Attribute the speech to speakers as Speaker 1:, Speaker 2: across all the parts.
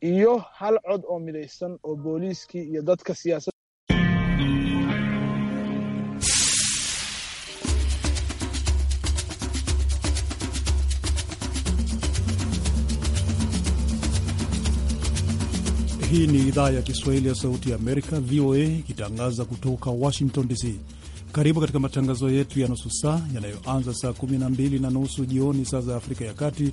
Speaker 1: iyo hal cod oo midaysan oo booliiskii iyo dadka siyaasada
Speaker 2: Hii ni idhaa ya Kiswahili ya Sauti ya Amerika, VOA, ikitangaza kutoka Washington DC. Karibu katika matangazo yetu ya nusu saa yanayoanza saa 12 na nusu jioni saa za Afrika ya Kati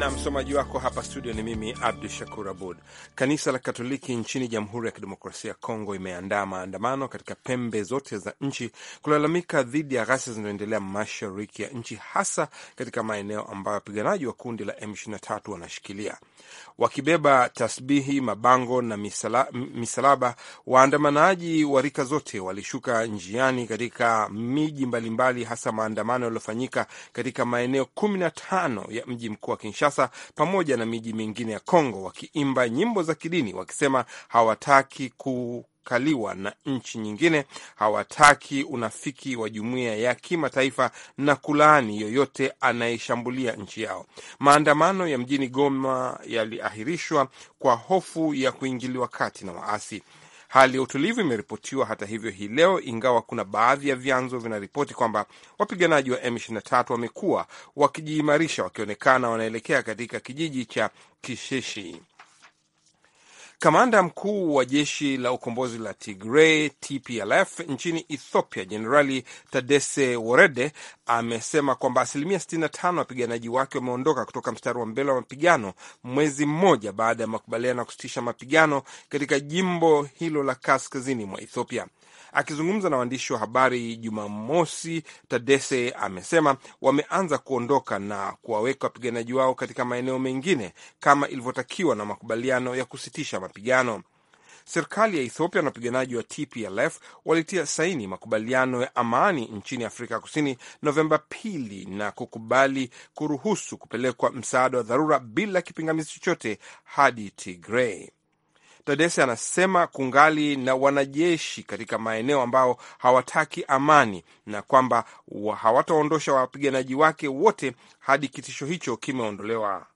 Speaker 1: na msomaji wako hapa studio ni mimi Abdu Shakur Abud. Kanisa la Katoliki nchini Jamhuri ya Kidemokrasia ya Kongo imeandaa maandamano katika pembe zote za nchi kulalamika dhidi ya ghasia zinazoendelea mashariki ya nchi, hasa katika maeneo ambayo wapiganaji wa kundi la M23 wanashikilia. Wakibeba tasbihi, mabango na misala, misalaba, waandamanaji wa rika zote walishuka njiani katika miji mbalimbali, hasa maandamano yaliyofanyika katika maeneo 15 ya mji mkuu wa Kinshasa Kinshasa pamoja na miji mingine ya Kongo wakiimba nyimbo za kidini wakisema hawataki ku kaliwa na nchi nyingine, hawataki unafiki wa jumuiya ya kimataifa na kulaani yoyote anayeshambulia nchi yao. Maandamano ya mjini Goma yaliahirishwa kwa hofu ya kuingiliwa kati na waasi. Hali ya utulivu imeripotiwa hata hivyo hii leo, ingawa kuna baadhi ya vyanzo vinaripoti kwamba wapiganaji wa M23 wamekuwa wakijiimarisha, wakionekana wanaelekea katika kijiji cha Kisheshi. Kamanda mkuu wa jeshi la ukombozi la Tigray TPLF nchini Ethiopia Jenerali tadese Worede amesema kwamba asilimia 65 wapiganaji wake wameondoka kutoka mstari wa mbele wa mapigano mwezi mmoja baada ya makubaliano ya kusitisha mapigano katika jimbo hilo la kaskazini mwa Ethiopia. Akizungumza na waandishi wa habari Jumamosi, Tadese amesema wameanza kuondoka na kuwaweka wapiganaji wao katika maeneo mengine kama ilivyotakiwa na makubaliano ya kusitisha mapigano. Serikali ya Ethiopia na wapiganaji wa TPLF walitia saini makubaliano ya amani nchini Afrika Kusini Novemba pili na kukubali kuruhusu kupelekwa msaada wa dharura bila kipingamizi chochote hadi tigrey Tedese anasema kungali na wanajeshi katika maeneo ambao hawataki amani na kwamba hawataondosha wapiganaji wake wote hadi kitisho hicho kimeondolewa.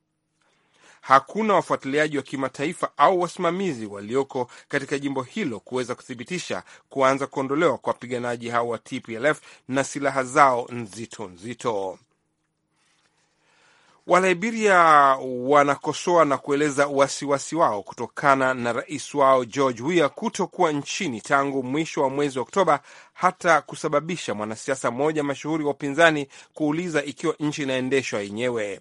Speaker 1: Hakuna wafuatiliaji wa kimataifa au wasimamizi walioko katika jimbo hilo kuweza kuthibitisha kuanza kuondolewa kwa wapiganaji hao wa TPLF na silaha zao nzito nzito. Waliberia wanakosoa na kueleza wasiwasi wao kutokana na rais wao George Weah kutokuwa nchini tangu mwisho wa mwezi Oktoba, hata kusababisha mwanasiasa mmoja mashuhuri wa upinzani kuuliza ikiwa nchi inaendeshwa yenyewe.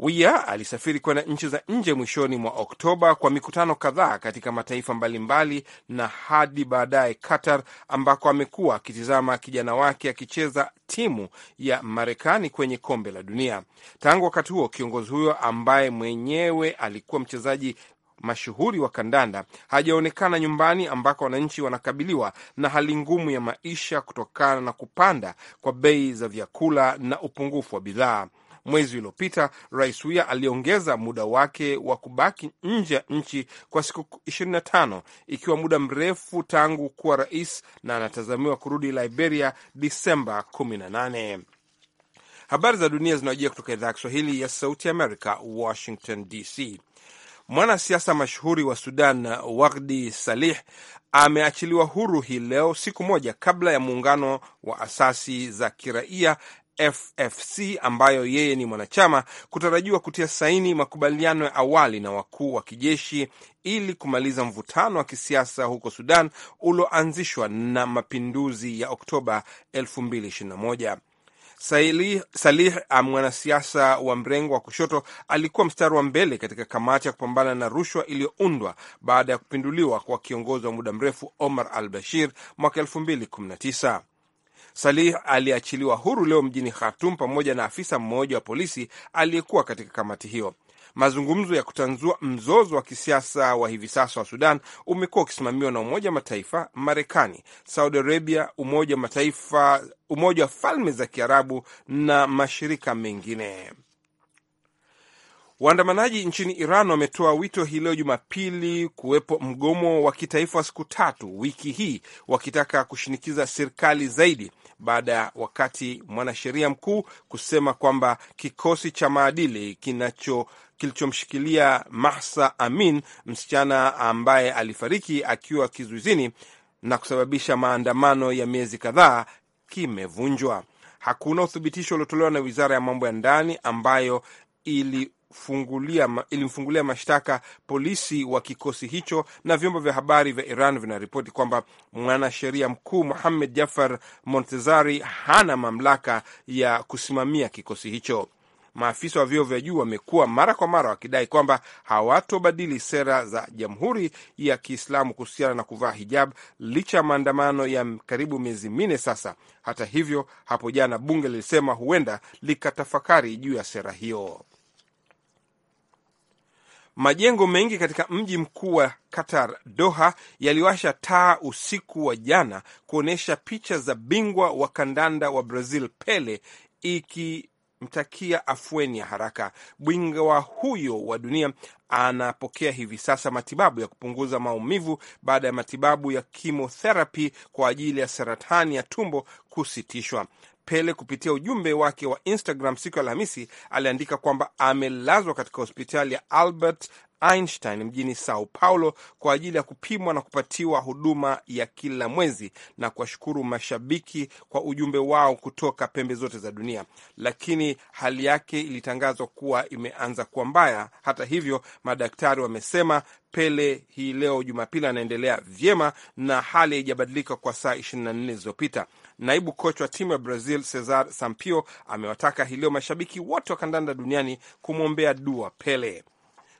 Speaker 1: Wia alisafiri kwenda nchi za nje mwishoni mwa Oktoba kwa mikutano kadhaa katika mataifa mbalimbali na hadi baadaye Qatar, ambako amekuwa akitizama kijana wake akicheza timu ya Marekani kwenye kombe la dunia. Tangu wakati huo, kiongozi huyo ambaye mwenyewe alikuwa mchezaji mashuhuri wa kandanda hajaonekana nyumbani, ambako wananchi wanakabiliwa na hali ngumu ya maisha kutokana na kupanda kwa bei za vyakula na upungufu wa bidhaa mwezi uliopita, Rais Weah aliongeza muda wake wa kubaki nje ya nchi kwa siku 25 ikiwa muda mrefu tangu kuwa rais, na anatazamiwa kurudi Liberia Disemba 18. Habari za dunia zinawajia kutoka idhaa ya Kiswahili ya Sauti Amerika, Washington DC. Mwanasiasa mashuhuri wa Sudan Wagdi Salih ameachiliwa huru hii leo, siku moja kabla ya muungano wa asasi za kiraia FFC ambayo yeye ni mwanachama kutarajiwa kutia saini makubaliano ya awali na wakuu wa kijeshi ili kumaliza mvutano wa kisiasa huko Sudan ulioanzishwa na mapinduzi ya Oktoba 2021. Salih, Salih mwanasiasa wa mrengo wa kushoto alikuwa mstari wa mbele katika kamati ya kupambana na rushwa iliyoundwa baada ya kupinduliwa kwa kiongozi wa muda mrefu Omar al Bashir mwaka 219 Salih aliachiliwa huru leo mjini Khartum pamoja na afisa mmoja wa polisi aliyekuwa katika kamati hiyo. Mazungumzo ya kutanzua mzozo wa kisiasa wa hivi sasa wa Sudan umekuwa ukisimamiwa na Umoja wa Mataifa, Marekani, Saudi Arabia, Umoja wa Mataifa, Umoja wa Falme za Kiarabu na mashirika mengine. Waandamanaji nchini Iran wametoa wito hii leo Jumapili kuwepo mgomo wa kitaifa wa siku tatu wiki hii, wakitaka kushinikiza serikali zaidi, baada ya wakati mwanasheria mkuu kusema kwamba kikosi cha maadili kinacho kilichomshikilia Mahsa Amin, msichana ambaye alifariki akiwa kizuizini na kusababisha maandamano ya miezi kadhaa, kimevunjwa. Hakuna uthibitisho uliotolewa na wizara ya mambo ya ndani ambayo ili ilimfungulia mashtaka polisi wa kikosi hicho, na vyombo vya habari vya Iran vinaripoti kwamba mwanasheria mkuu Muhammad Jafar Montezari hana mamlaka ya kusimamia kikosi hicho. Maafisa wa vyeo vya juu wamekuwa mara kwa mara wakidai kwamba hawatobadili sera za Jamhuri ya Kiislamu kuhusiana na kuvaa hijab licha ya maandamano ya karibu miezi minne sasa. Hata hivyo, hapo jana bunge lilisema huenda likatafakari juu ya sera hiyo. Majengo mengi katika mji mkuu wa Qatar, Doha, yaliwasha taa usiku wa jana kuonyesha picha za bingwa wa kandanda wa Brazil Pele ikimtakia afueni ya haraka. Bingwa huyo wa dunia anapokea hivi sasa matibabu ya kupunguza maumivu baada ya matibabu ya kimotherapy kwa ajili ya saratani ya tumbo kusitishwa. Pele kupitia ujumbe wake wa Instagram siku ya Alhamisi aliandika kwamba amelazwa katika hospitali ya Albert Einstein mjini Sao Paulo kwa ajili ya kupimwa na kupatiwa huduma ya kila mwezi na kuwashukuru mashabiki kwa ujumbe wao kutoka pembe zote za dunia, lakini hali yake ilitangazwa kuwa imeanza kuwa mbaya. Hata hivyo, madaktari wamesema Pele hii leo Jumapili anaendelea vyema na hali haijabadilika kwa saa 24 zilizopita. Naibu kocha wa timu ya Brazil Cesar sampio amewataka hii leo mashabiki wote wa kandanda duniani kumwombea dua Pele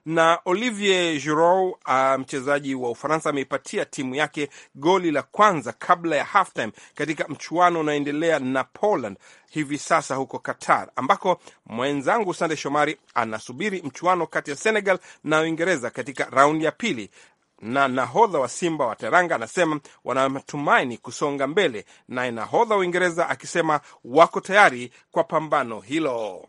Speaker 1: na Olivier Giroud ah, mchezaji wa Ufaransa ameipatia timu yake goli la kwanza kabla ya halftime katika mchuano unaoendelea na Poland hivi sasa huko Qatar, ambako mwenzangu Sande Shomari anasubiri mchuano kati ya Senegal na Uingereza katika raundi ya pili na nahodha wa Simba wa Teranga anasema wanamatumaini kusonga mbele, naye nahodha wa Uingereza akisema wako tayari kwa pambano hilo.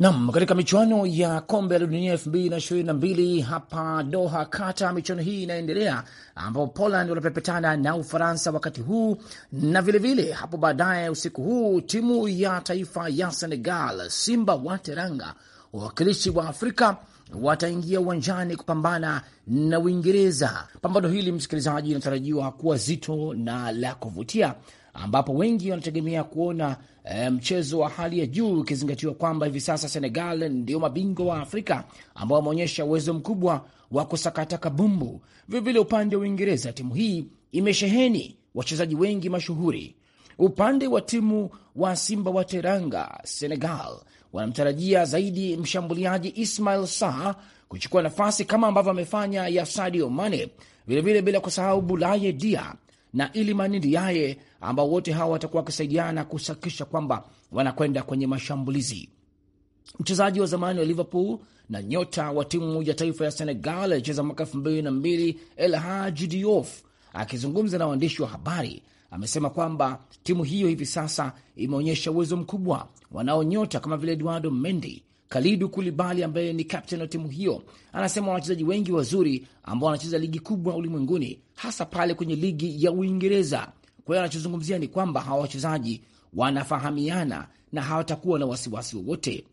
Speaker 3: Nam, katika michuano ya kombe la dunia elfu mbili na ishirini na mbili hapa Doha, Kata, michuano hii inaendelea ambapo Poland wanapepetana na Ufaransa wakati huu, na vilevile vile, hapo baadaye usiku huu timu ya taifa ya Senegal, Simba wa Teranga, wawakilishi wa Afrika wataingia uwanjani kupambana na Uingereza. Pambano hili, msikilizaji, inatarajiwa kuwa zito na la kuvutia, ambapo wengi wanategemea kuona e, mchezo wa hali ya juu, ukizingatiwa kwamba hivi sasa Senegal ndio mabingwa wa Afrika ambao wameonyesha uwezo mkubwa wa kusakata kabumbu. Vilevile upande wa Uingereza, timu hii imesheheni wachezaji wengi mashuhuri. Upande wa timu wa Simba wa Teranga Senegal wanamtarajia zaidi mshambuliaji Ismail sa kuchukua nafasi kama ambavyo amefanya ya Sadio Mane, vilevile bila kusahau Bulaye Dia na Ilimani Ndiaye, ambao wote hawa watakuwa wakisaidiana kusakisha kwamba wanakwenda kwenye mashambulizi. Mchezaji wa zamani wa Liverpool na nyota wa timu ya taifa ya Senegal alicheza mwaka elfu mbili na mbili Diouf akizungumza na waandishi wa habari amesema kwamba timu hiyo hivi sasa imeonyesha uwezo mkubwa. Wanao nyota kama vile Eduardo Mendy, Kalidu Kulibali ambaye ni kapteni wa timu hiyo. Anasema wana wachezaji wengi wazuri ambao wanacheza ligi kubwa ulimwenguni, hasa pale kwenye ligi ya Uingereza. Kwa hiyo anachozungumzia ni kwamba hawa wachezaji wanafahamiana na hawatakuwa na wasiwasi wowote.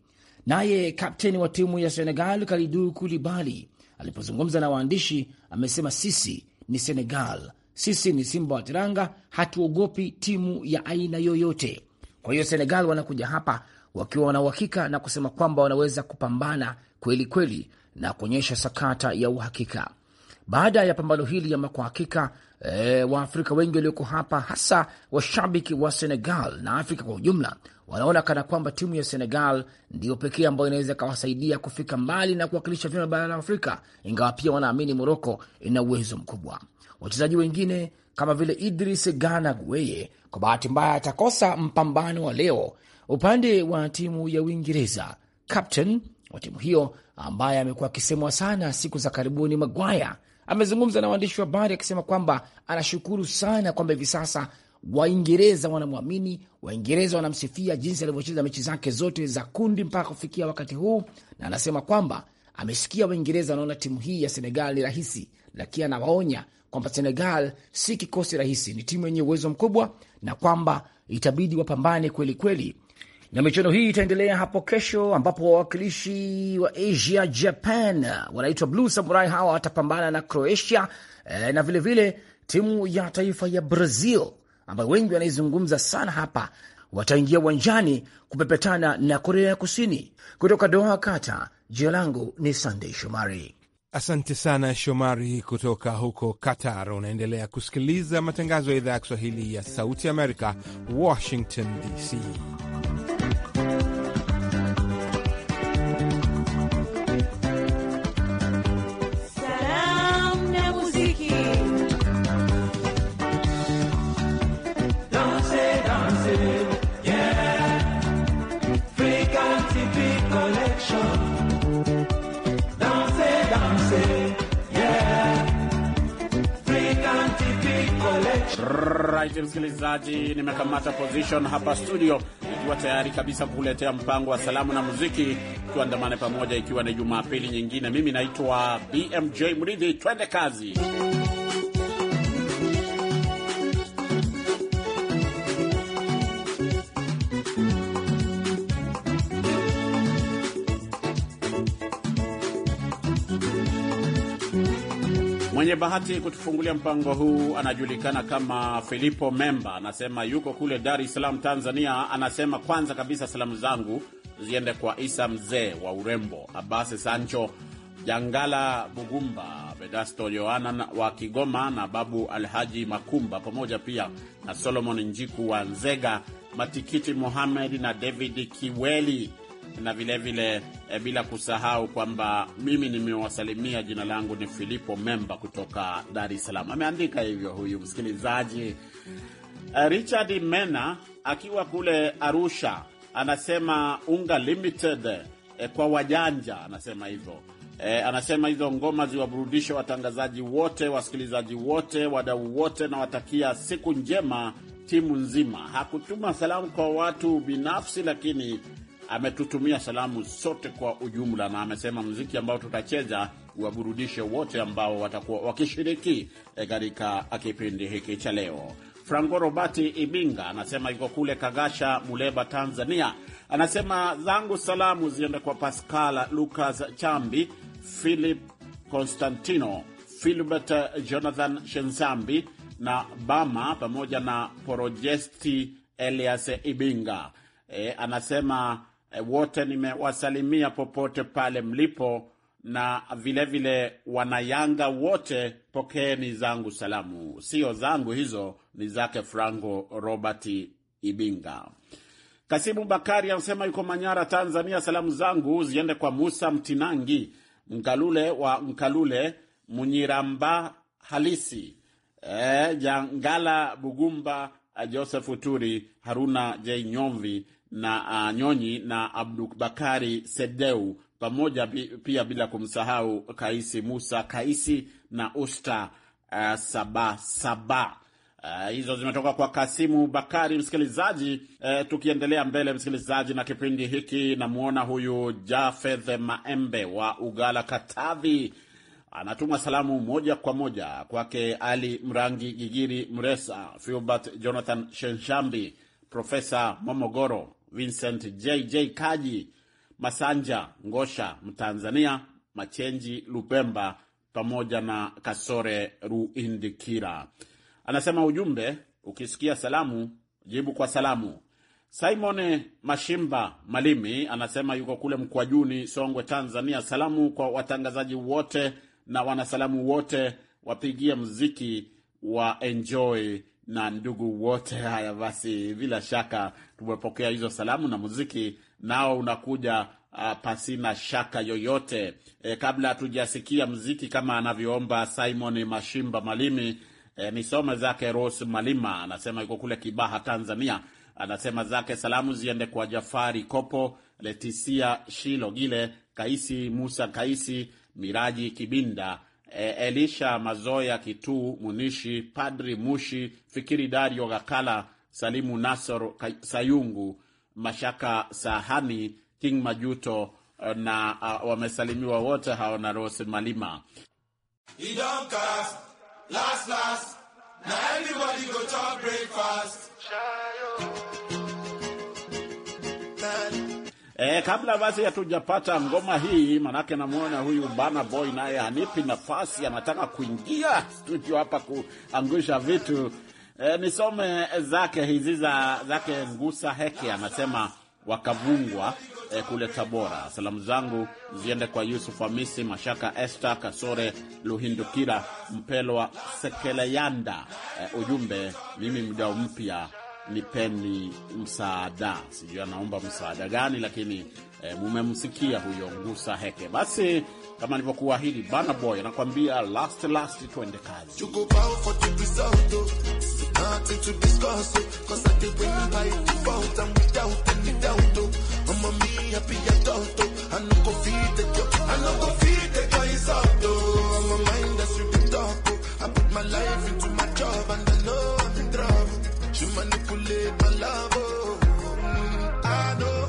Speaker 3: Naye kapteni wa timu ya Senegal kalidu kulibali alipozungumza na waandishi amesema, sisi ni Senegal sisi ni simba wa tiranga, hatuogopi timu ya aina yoyote. Kwa hiyo Senegal wanakuja hapa wakiwa wana uhakika na kusema kwamba wanaweza kupambana kweli kweli na kuonyesha sakata ya uhakika. Baada ya pambano hili ama kwa hakika e, Waafrika wengi walioko hapa hasa washabiki wa Senegal na Afrika kwa ujumla wanaona kana kwamba timu ya Senegal ndiyo pekee ambayo inaweza ikawasaidia kufika mbali na kuwakilisha vyema bara la Afrika, ingawa pia wanaamini Moroko ina uwezo mkubwa. Wachezaji wengine kama vile Idris Gana Gueye kwa bahati mbaya atakosa mpambano wa leo. Upande wa timu ya Uingereza, captain wa timu hiyo ambaye amekuwa akisemwa sana siku za karibuni, magwaya amezungumza na waandishi wa habari akisema kwamba anashukuru sana kwamba hivi sasa Waingereza wanamwamini, Waingereza wanamsifia jinsi alivyocheza mechi zake zote za kundi mpaka kufikia wakati huu, na anasema kwamba amesikia Waingereza wanaona timu hii ya Senegal ni rahisi, lakini anawaonya kwamba Senegal si kikosi rahisi, ni timu yenye uwezo mkubwa na kwamba itabidi wapambane kweli kweli. Na michuano hii itaendelea hapo kesho, ambapo wawakilishi wa Asia, Japan, wanaitwa Blue Samurai, hawa watapambana na Croatia e, na vilevile vile, timu ya taifa ya Brazil ambayo wengi wanaizungumza sana hapa wataingia uwanjani kupepetana na Korea ya Kusini. Kutoka Doha, Kata, jina langu ni Sandey Shomari.
Speaker 1: Asante sana Shomari kutoka huko Qatar. Unaendelea kusikiliza matangazo ya idhaa ya Kiswahili ya Sauti Amerika, Washington DC.
Speaker 4: Right, msikilizaji, nimekamata position hapa studio ikiwa tayari kabisa kukuletea mpango wa salamu na muziki. Tuandamane pamoja, ikiwa ni Jumapili nyingine. Mimi naitwa BMJ Mridhi, twende kazi. bahati kutufungulia mpango huu anajulikana kama Filipo Memba, anasema yuko kule Dar es Salaam, Tanzania. Anasema kwanza kabisa salamu zangu ziende kwa Isa mzee wa urembo, Abasi Sancho Jangala, Bugumba Vedasto Yohana wa Kigoma na Babu Alhaji Makumba, pamoja pia na Solomon Njiku wa Nzega, Matikiti Mohamed na David Kiweli na vilevile vile, eh, bila kusahau kwamba mimi nimewasalimia. Jina langu ni Filipo Memba kutoka Dar es Salaam. Ameandika hivyo huyu msikilizaji eh, Richard Mena akiwa kule Arusha, anasema unga limited e, kwa wajanja, anasema hivyo e, anasema hizo ngoma ziwaburudishe watangazaji wote, wasikilizaji wote, wadau wote, na watakia siku njema timu nzima. Hakutuma salamu kwa watu binafsi, lakini ametutumia salamu sote kwa ujumla, na amesema mziki ambao tutacheza waburudishe wote ambao watakuwa wakishiriki eh, katika kipindi hiki cha leo. Franco Robati Ibinga anasema yuko kule Kagasha, Muleba, Tanzania. Anasema zangu salamu ziende kwa pascal Lucas Chambi, Philip Constantino, Filbert Jonathan Shenzambi na Bama pamoja na Porojesti Elias Ibinga. E, anasema Eh, wote nimewasalimia popote pale mlipo, na vilevile vile wanayanga wote, pokeeni zangu salamu. Sio zangu hizo, ni zake Franco Robert Ibinga. Kasimu Bakari anasema yuko Manyara, Tanzania. Salamu zangu ziende kwa Musa Mtinangi Mkalule wa Mkalule Munyiramba halisi e, Jangala Bugumba, Joseph Turi, Haruna J Nyomvi na uh, Nyonyi na Abdubakari Sedeu pamoja pia bila kumsahau Kaisi Musa Kaisi na Usta uh, Saba Saba. Uh, hizo zimetoka kwa Kasimu Bakari msikilizaji. Uh, tukiendelea mbele msikilizaji na kipindi hiki, namwona huyu Jafeth Maembe wa Ugala Katavi anatuma salamu moja kwa moja kwake Ali Mrangi Gigiri Mresa, Filbert Jonathan Shenshambi, Profesa Momogoro Vincent JJ Kaji, Masanja Ngosha Mtanzania, Machenji Lupemba pamoja na Kasore Ruindikira. Anasema ujumbe, ukisikia salamu jibu kwa salamu. Simon Mashimba Malimi anasema yuko kule Mkwajuni, Songwe, Tanzania. Salamu kwa watangazaji wote na wanasalamu wote, wapigie mziki wa enjoy na ndugu wote. Haya basi, bila shaka tumepokea hizo salamu na muziki nao unakuja uh, pasina shaka yoyote. E, kabla hatujasikia muziki kama anavyoomba Simon Mashimba Malimi, e, nisome zake Rose Malima, anasema yuko kule Kibaha, Tanzania. Anasema zake salamu ziende kwa Jafari Kopo, Letisia Shilogile, Kaisi Musa, Kaisi Miraji Kibinda e, Elisha Mazoya kitu Munishi, Padri Mushi, Fikiri Dario Gakala, Salimu Nasor Sayungu, Mashaka Sahani, King Majuto eh, na uh, wamesalimiwa wote hao na Rose Malima. E, kabla basi hatujapata ngoma hii, manake namwona huyu Bana Boy naye hanipi nafasi, anataka kuingia studio hapa kuangusha vitu. E, nisome zake hizi za zake Ngusa Heke anasema wakavungwa e, kule Tabora. Salamu zangu ziende kwa Yusuf Hamisi, Mashaka Esther, Kasore Luhindukira, Mpelwa Sekeleyanda. E, ujumbe mimi mdau mpya nipeni msaada. Sijui anaomba msaada gani, lakini e, mumemsikia huyo Ngusa Heke. Basi kama nilivyokuahidi, Bana Boy anakuambia last last, twende kazi.
Speaker 1: manipulate my love. Oh. Mm, I know.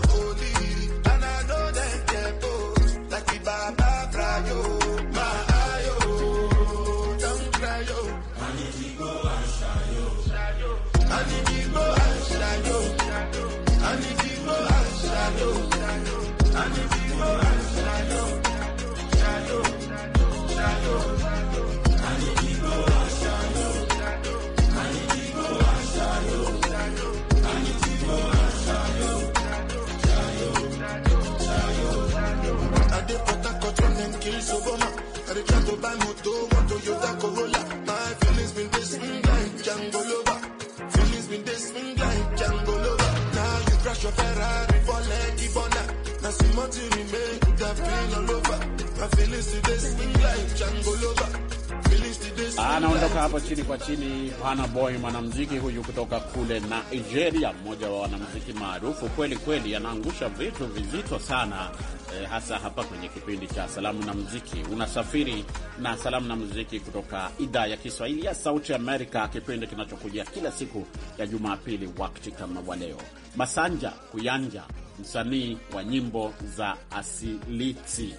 Speaker 4: Burna Boy, mwanamuziki huyu kutoka kule Nigeria, mmoja wa wanamuziki maarufu kweli kweli, anaangusha vitu vizito sana eh, hasa hapa kwenye kipindi cha salamu na muziki. Unasafiri na salamu na muziki kutoka idhaa ya Kiswahili ya Sauti Amerika, kipindi kinachokujia kila siku ya Jumapili wakati kama wa leo. Masanja Kuyanja, msanii wa nyimbo za asiliti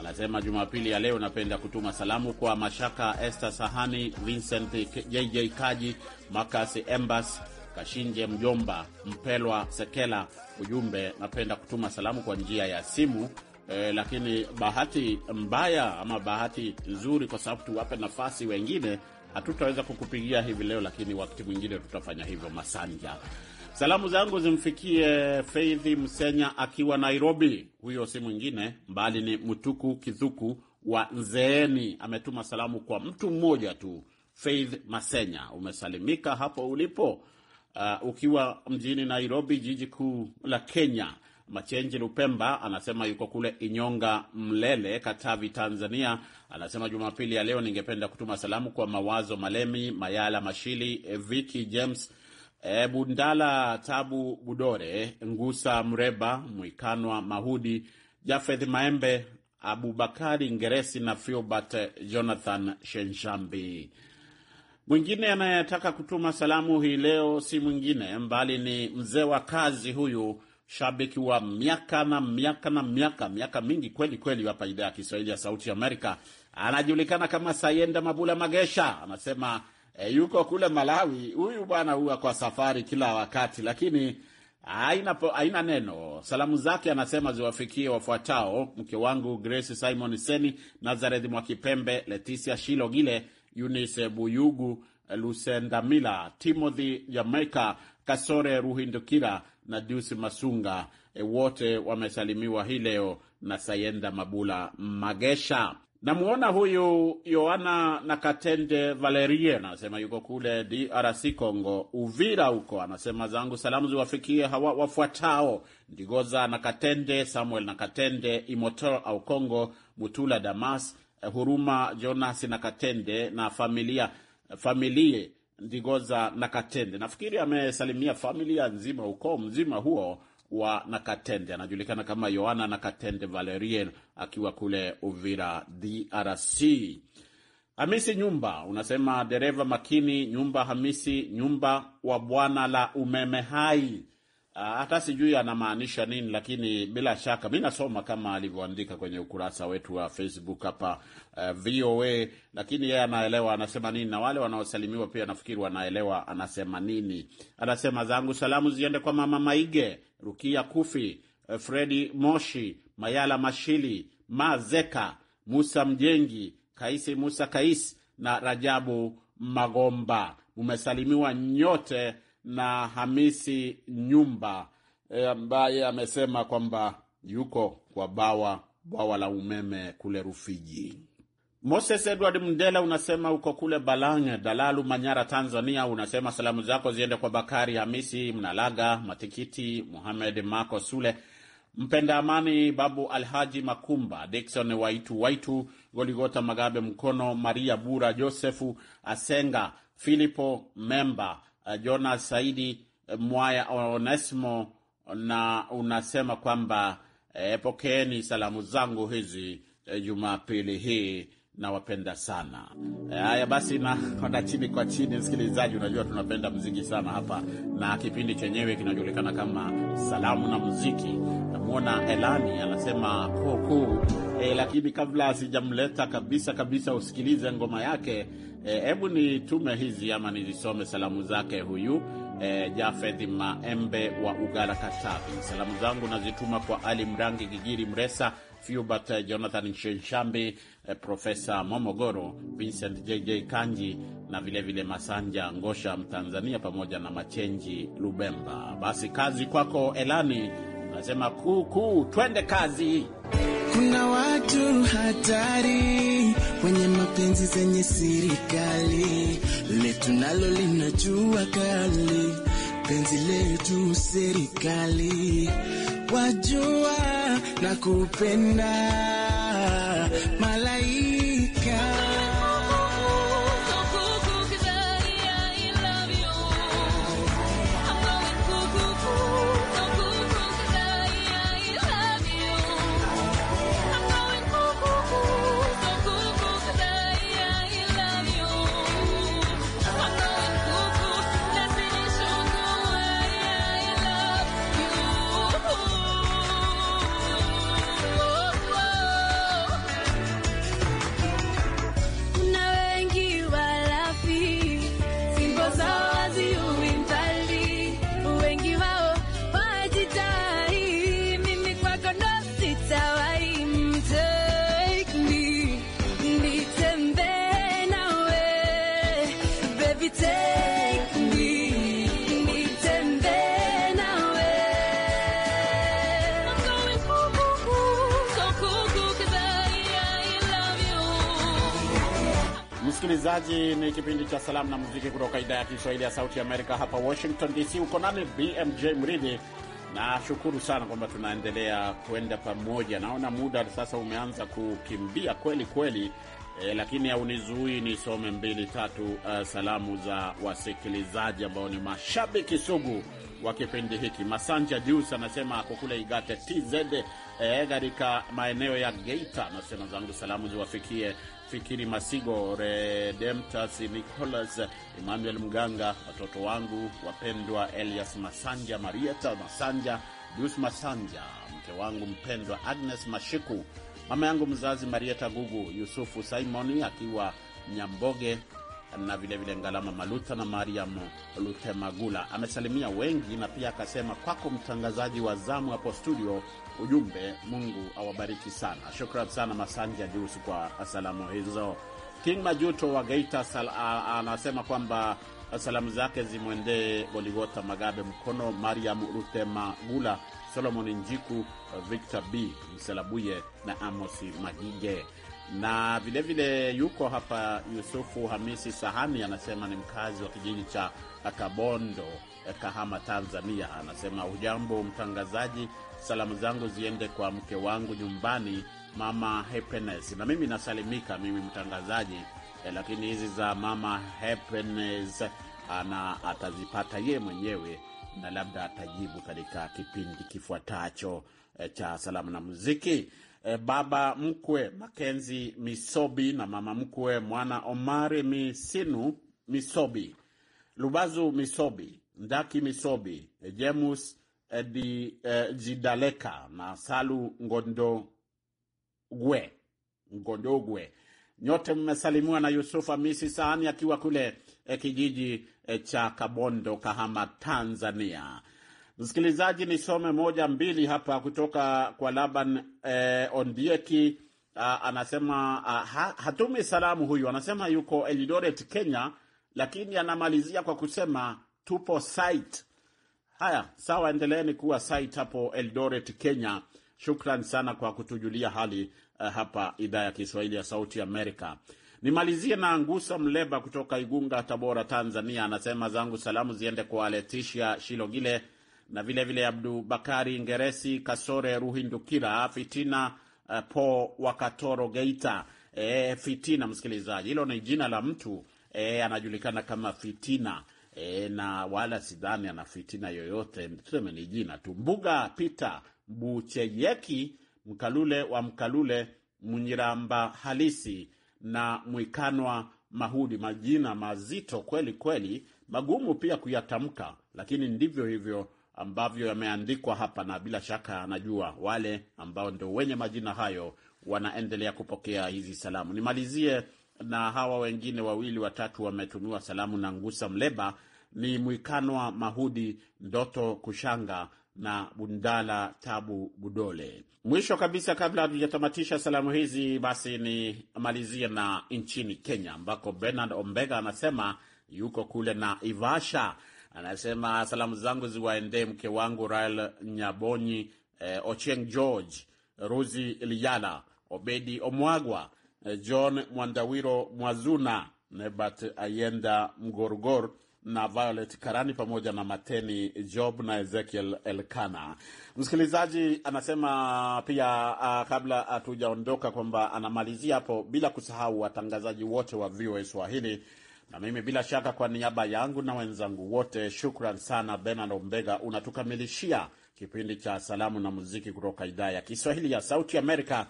Speaker 4: Anasema Jumapili ya leo napenda kutuma salamu kwa Mashaka Esther Sahani, Vincent JJ Kaji, makas Embas Kashinje, mjomba Mpelwa Sekela. Ujumbe, napenda kutuma salamu kwa njia ya simu eh, lakini bahati mbaya ama bahati nzuri, kwa sababu tuwape nafasi wengine, hatutaweza kukupigia hivi leo, lakini wakati mwingine tutafanya hivyo. Masanja Salamu zangu zimfikie Faith Msenya akiwa Nairobi. Huyo si mwingine mbali ni Mtuku Kizuku wa Nzeeni. Ametuma salamu kwa mtu mmoja tu, Faith Masenya. Umesalimika hapo ulipo, uh, ukiwa mjini Nairobi, jiji kuu la Kenya. Machenji Lupemba anasema yuko kule Inyonga, Mlele, Katavi, Tanzania. Anasema Jumapili ya leo ningependa kutuma salamu kwa Mawazo Malemi, Mayala Mashili, Viki James E, Bundala Tabu Budore, Ngusa Mreba, Mwikanwa Mahudi, Jafeth Maembe, Abubakari Ngeresi na filbert Jonathan Shenshambi. Mwingine anayetaka kutuma salamu hii leo si mwingine mbali ni mzee wa kazi huyu, shabiki wa miaka na miaka na miaka miaka mingi kweli kweli hapa idhaa ya Kiswahili ya Sauti Amerika. Anajulikana kama Sayenda Mabula Magesha, anasema e, yuko kule Malawi. Huyu bwana huwa kwa safari kila wakati, lakini haina haina neno. Salamu zake anasema ziwafikie wafuatao: mke wangu Grace Simon Seni, Nazareth Mwakipembe, Leticia Shilogile, Eunice Buyugu, Lusendamila, Timothy Jamaica, Kasore Ruhindukira na Dusi Masunga. E, wote wamesalimiwa hii leo na Sayenda Mabula Magesha. Namwona huyu yoana Nakatende Valerie, anasema yuko kule DRC Congo, Uvira huko. Anasema zangu salamu ziwafikie hawa wafuatao: Ndigoza Nakatende, Samuel Nakatende, Imotor au Congo, Mutula Damas, Huruma Jonas Nakatende na familia familie Ndigoza Nakatende. Nafikiri amesalimia familia nzima, huko, mzima huo wa Nakatende, anajulikana kama Yohana Nakatende Valerien akiwa kule Uvira, DRC. Hamisi Nyumba unasema dereva makini, Nyumba Hamisi Nyumba wa bwana la umeme hai. Ah, hata sijui anamaanisha nini, lakini bila shaka mi nasoma kama alivyoandika kwenye ukurasa wetu wa Facebook hapa uh, eh, VOA, lakini yeye anaelewa anasema nini, na wale wanaosalimiwa pia nafikiri wanaelewa anasema nini. Anasema zangu salamu ziende kwa mama Maige Rukia Kufi, eh, Fredi Moshi, Mayala Mashili, Mazeka, Musa Mjengi, Kaisi Musa kais na Rajabu Magomba. Mumesalimiwa nyote na Hamisi Nyumba eh, ambaye amesema kwamba yuko kwa bawa bwawa la umeme kule Rufiji. Moses Edward Mndela unasema uko kule Balang, Dalalu, Manyara, Tanzania. Unasema salamu zako ziende kwa Bakari Hamisi Mnalaga, Matikiti Muhamed, Mako Sule, Mpenda Amani, Babu Alhaji Makumba, Dikson Waitu Waitu, Goligota Magabe Mkono, Maria Bura, Josefu Asenga, Filipo Memba, eh, Jonas Saidi eh, Mwaya, Onesmo, na unasema kwamba eh, pokeeni salamu zangu hizi eh, Jumapili hii nawapenda sana. Eh, haya basi, na kwenda chini kwa chini, msikilizaji, unajua tunapenda mziki sana hapa, na kipindi chenyewe kinajulikana kama salamu na mziki Namwona Elani anasema kuukuu e, eh, lakini kabla sijamleta kabisa kabisa usikilize ngoma yake, eh, hebu e, nitume hizi ama nizisome salamu zake huyu E, Jafedhi Maembe wa Ugala Katavi, salamu zangu nazituma kwa Ali Mrangi Gigiri Mresa Fubert eh, Jonathan Shenshambi, eh, Profesa Momogoro, Vincent JJ Kanji na vilevile vile Masanja Ngosha Mtanzania, pamoja na Machenji Lubemba. Basi kazi kwako Elani, nasema kuukuu, twende kazi.
Speaker 3: Kuna watu hatari kwenye mapenzi zenye serikali letu, nalo linajua kali penzi letu serikali wajua nakupenda mala
Speaker 4: Msikilizaji, ni kipindi cha salamu na muziki kutoka idhaa ya Kiswahili ya Sauti Amerika hapa Washington DC. Uko nami BMJ Mridhi. Nashukuru sana kwamba tunaendelea kwenda pamoja. Naona muda sasa umeanza kukimbia kweli kweli, e, lakini haunizuii nisome mbili tatu uh, salamu za wasikilizaji ambao ni mashabiki sugu wa kipindi hiki. Masanja Jus anasema ako kule Igate TZ eh, katika e, maeneo ya Geita. Anasema zangu salamu ziwafikie Fikiri Masigo, redemtas Nicolas, Emmanuel Mganga, watoto wangu wapendwa, Elias Masanja, Marieta Masanja, bus Masanja, mke wangu mpendwa Agnes Mashiku, mama yangu mzazi Marieta Gugu, Yusufu Simoni akiwa Nyamboge na vilevile Ngalama Maluta na Mariam Lutemagula. Amesalimia wengi na pia akasema kwako mtangazaji wa zamu hapo studio, ujumbe Mungu awabariki sana. Shukran sana Masanja Jusu kwa salamu hizo. King Majuto wa Geita anasema kwamba salamu zake zimwendee Boligota Magabe Mkono, Mariam Rutemagula, Solomon Njiku, Victor B msalabuye na Amosi Magige na vilevile vile yuko hapa Yusufu Hamisi Sahani, anasema ni mkazi wa kijiji cha Kabondo, eh, Kahama, Tanzania. Anasema hujambo mtangazaji, salamu zangu ziende kwa mke wangu nyumbani, mama Happiness. Na mimi nasalimika, mimi mtangazaji eh, lakini hizi za mama Happiness ana atazipata ye mwenyewe na labda atajibu katika kipindi kifuatacho eh, cha salamu na muziki eh, baba mkwe Makenzi Misobi na mama mkwe mwana Omari Misinu Misobi, Lubazu Misobi, Ndaki Misobi, eh, Jemus Edi, eh, eh, Jidaleka na Salu Ngondogwe Ngondogwe. Nyote mmesalimiwa na Yusufu Amisi Sahani akiwa kule eh, kijiji eh, cha Kabondo, Kahama, Tanzania. Msikilizaji, nisome moja mbili hapa kutoka kwa Laban eh, Ondieki. ah, anasema ah, hatumi salamu huyu, anasema yuko Eldoret, Kenya, lakini anamalizia kwa kusema tupo site. Haya, sawa, endeleeni kuwa site hapo Eldoret, Kenya. Shukran sana kwa kutujulia hali uh, hapa idhaa ya Kiswahili ya Sauti Amerika. Nimalizie na Ngusa Mleba kutoka Igunga, Tabora, Tanzania, anasema zangu salamu ziende kwa Leticia Shilogile na vilevile Abdu Bakari Ngeresi Kasore Ruhindukira Fitina uh, Po Wakatoro Geita. E, Fitina msikilizaji, hilo ni jina la mtu e, anajulikana kama Fitina e, na wala sidhani ana fitina yoyote, tuseme ni jina tu. Mbuga Pita Bucheyeki Mkalule wa Mkalule Munyiramba halisi na Mwikanwa Mahudi, majina mazito kweli kweli, magumu pia kuyatamka, lakini ndivyo hivyo ambavyo yameandikwa hapa, na bila shaka anajua wale ambao ndio wenye majina hayo wanaendelea kupokea hizi salamu. Nimalizie na hawa wengine wawili watatu wametumiwa salamu na Ngusa Mleba ni Mwikanwa Mahudi, Ndoto Kushanga na Bundala Tabu Budole. Mwisho kabisa, kabla hatujatamatisha salamu hizi, basi nimalizie na nchini Kenya ambako Bernard Ombega anasema yuko kule na Ivasha anasema salamu zangu ziwaendee mke wangu Rael Nyabonyi, eh, Ocheng George, Ruzi Liana, Obedi Omwagwa, eh, John Mwandawiro Mwazuna, Nebat Ayenda Mgorgor na Violet Karani pamoja na Mateni Job na Ezekiel Elkana. Msikilizaji anasema pia uh, kabla hatujaondoka kwamba anamalizia hapo bila kusahau watangazaji wote wa VOA Swahili na mimi bila shaka, kwa niaba yangu na wenzangu wote, shukran sana Benard Ombega, unatukamilishia kipindi cha salamu na muziki kutoka idhaa ya Kiswahili ya Sauti Amerika.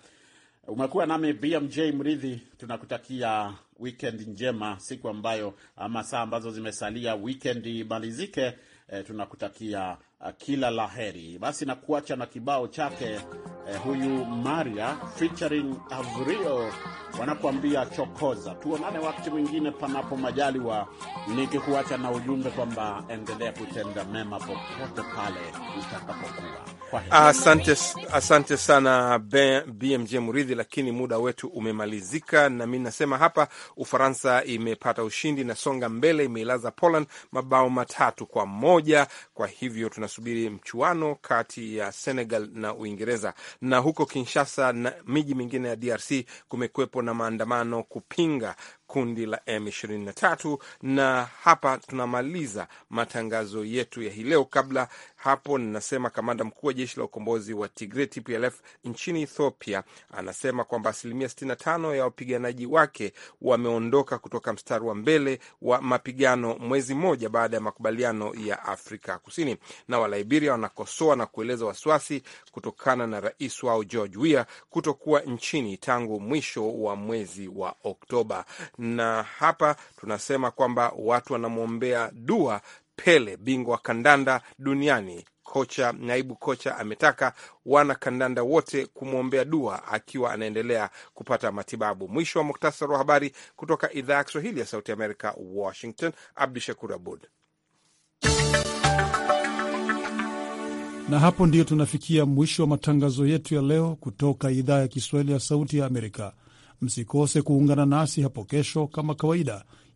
Speaker 4: Umekuwa nami BMJ Mridhi, tunakutakia wikendi njema, siku ambayo ama saa ambazo zimesalia wikendi imalizike eh, tunakutakia uh, kila laheri. Basi nakuacha na kibao chake eh, huyu Maria featuring Avrio wanakuambia chokoza. Tuonane wakati mwingine, panapo majaliwa, nikikuacha na ujumbe kwamba endelea kutenda mema popote pale utakapokuwa. Asante,
Speaker 1: Asante sana BMJ Muridhi, lakini muda wetu umemalizika, na mi nasema hapa Ufaransa imepata ushindi, na songa mbele, imeilaza Poland mabao matatu kwa moja. Kwa hivyo tunasubiri mchuano kati ya Senegal na Uingereza. Na huko Kinshasa na miji mingine ya DRC kumekuwepo na maandamano kupinga kundi la M23 na hapa tunamaliza matangazo yetu ya hii leo. Kabla hapo, ninasema kamanda mkuu wa jeshi la ukombozi wa Tigray Tigray TPLF nchini Ethiopia anasema kwamba asilimia 65 ya wapiganaji wake wameondoka kutoka mstari wa mbele wa mapigano mwezi mmoja baada ya makubaliano ya Afrika Kusini. Na Waliberia wanakosoa na kueleza wasiwasi kutokana na rais wao George Weah kutokuwa nchini tangu mwisho wa mwezi wa Oktoba. Na hapa tunasema kwamba watu wanamwombea dua Pele, bingwa kandanda duniani, kocha naibu kocha ametaka wana kandanda wote kumwombea dua akiwa anaendelea kupata matibabu. Mwisho wa muktasari wa habari kutoka idhaa ya Kiswahili ya Sauti Amerika, Washington. Abdu Shakur Abud.
Speaker 2: Na hapo ndiyo tunafikia mwisho wa matangazo yetu ya leo kutoka idhaa ya Kiswahili ya Sauti ya Amerika. Msikose kuungana nasi hapo kesho kama kawaida